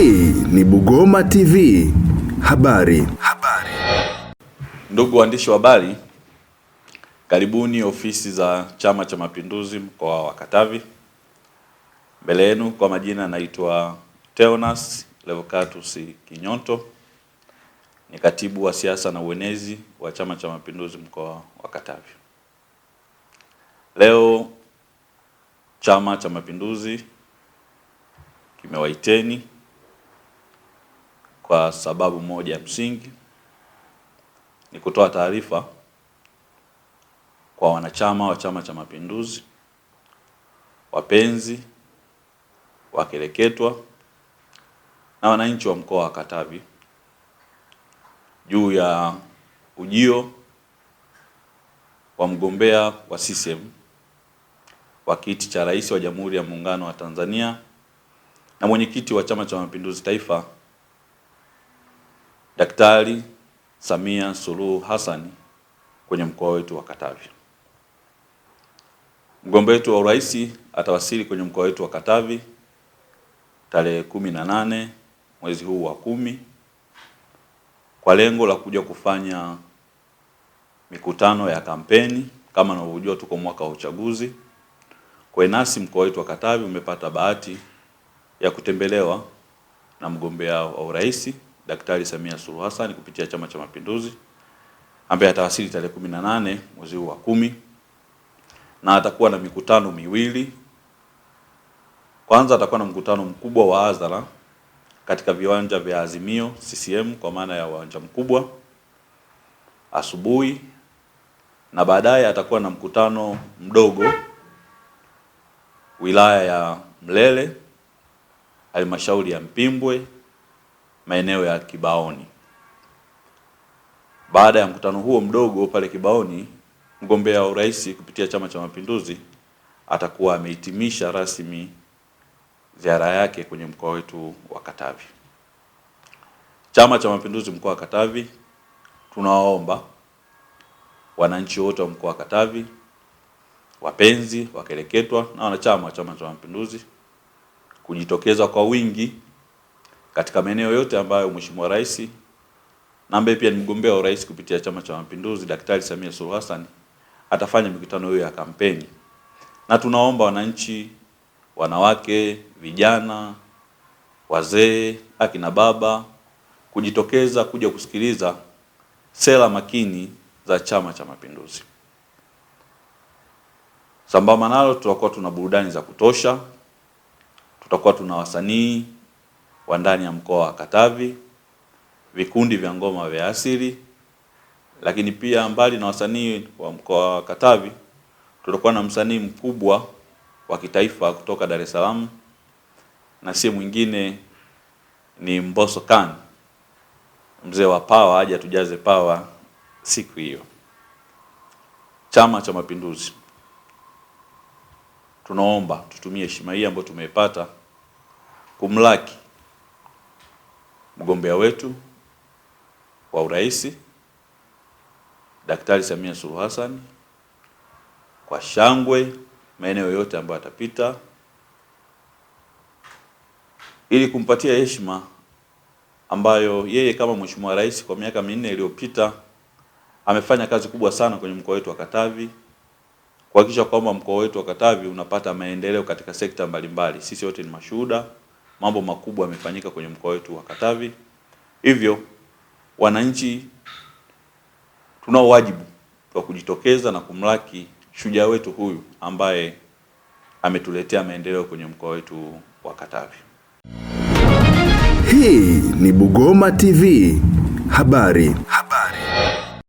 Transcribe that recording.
Hii ni Bugoma TV habari. Habari. Ndugu waandishi wa habari, karibuni ofisi za Chama cha Mapinduzi mkoa wa Katavi. Mbele yenu kwa majina naitwa Theonas Levocatus Kinyonto, ni katibu wa siasa na uenezi wa Chama cha Mapinduzi mkoa wa Katavi. Leo Chama cha Mapinduzi kimewaiteni kwa sababu moja ya msingi ni kutoa taarifa kwa wanachama wa Chama cha Mapinduzi, wapenzi, wakereketwa na wananchi wa mkoa wa Katavi juu ya ujio wa mgombea wa CCM wa kiti cha rais wa Jamhuri ya Muungano wa Tanzania na mwenyekiti wa Chama cha Mapinduzi Taifa Daktari Samia Suluhu Hassan kwenye mkoa wetu wa Katavi. Mgombea wetu wa urais atawasili kwenye mkoa wetu wa Katavi tarehe kumi na nane mwezi huu wa kumi kwa lengo la kuja kufanya mikutano ya kampeni. Kama unavyojua tuko mwaka wa uchaguzi, kwa nasi mkoa wetu wa Katavi umepata bahati ya kutembelewa na mgombea wa urais Daktari Samia Suluhu Hassan kupitia Chama cha Mapinduzi ambaye atawasili tarehe 18 mwezi huu wa kumi na atakuwa na mikutano miwili. Kwanza atakuwa na mkutano mkubwa wa hadhara katika viwanja vya Azimio CCM kwa maana ya uwanja mkubwa asubuhi, na baadaye atakuwa na mkutano mdogo wilaya ya Mlele halmashauri ya Mpimbwe maeneo ya Kibaoni. Baada ya mkutano huo mdogo pale Kibaoni, mgombea wa urais kupitia Chama cha Mapinduzi atakuwa amehitimisha rasmi ziara yake kwenye mkoa wetu wa Katavi. Chama cha Mapinduzi mkoa wa Katavi, tunawaomba wananchi wote wa mkoa wa Katavi, wapenzi wakereketwa na wanachama wa Chama cha Mapinduzi kujitokeza kwa wingi katika maeneo yote ambayo Mheshimiwa Rais na ambaye pia ni mgombea wa urais kupitia Chama cha Mapinduzi, Daktari Samia Suluhu Hassan atafanya mikutano hiyo ya kampeni, na tunaomba wananchi, wanawake, vijana, wazee, akina baba kujitokeza kuja kusikiliza sera makini za Chama cha Mapinduzi. Sambamba nalo tutakuwa tuna burudani za kutosha, tutakuwa tuna wasanii wa ndani ya mkoa wa Katavi, vikundi vya ngoma vya asili, lakini pia mbali na wasanii wa mkoa wa Katavi, tulikuwa na msanii mkubwa wa kitaifa kutoka Dar es Salaam na si mwingine ni Mbosso Khan, mzee wa pawa, aje tujaze pawa siku hiyo. Chama cha Mapinduzi, tunaomba tutumie heshima hii ambayo tumeipata kumlaki mgombea wetu wa urais Daktari Samia Suluhu Hassan kwa shangwe maeneo yote ambayo atapita ili kumpatia heshima ambayo yeye kama mheshimiwa rais kwa miaka minne iliyopita amefanya kazi kubwa sana kwenye mkoa wetu wa Katavi kuhakikisha kwamba mkoa wetu wa Katavi unapata maendeleo katika sekta mbalimbali. Sisi wote ni mashuhuda mambo makubwa yamefanyika kwenye mkoa wetu wa Katavi. Hivyo wananchi, tunao wajibu wa kujitokeza na kumlaki shujaa wetu huyu ambaye ametuletea maendeleo kwenye mkoa wetu wa Katavi. Hii ni Bugoma TV habari.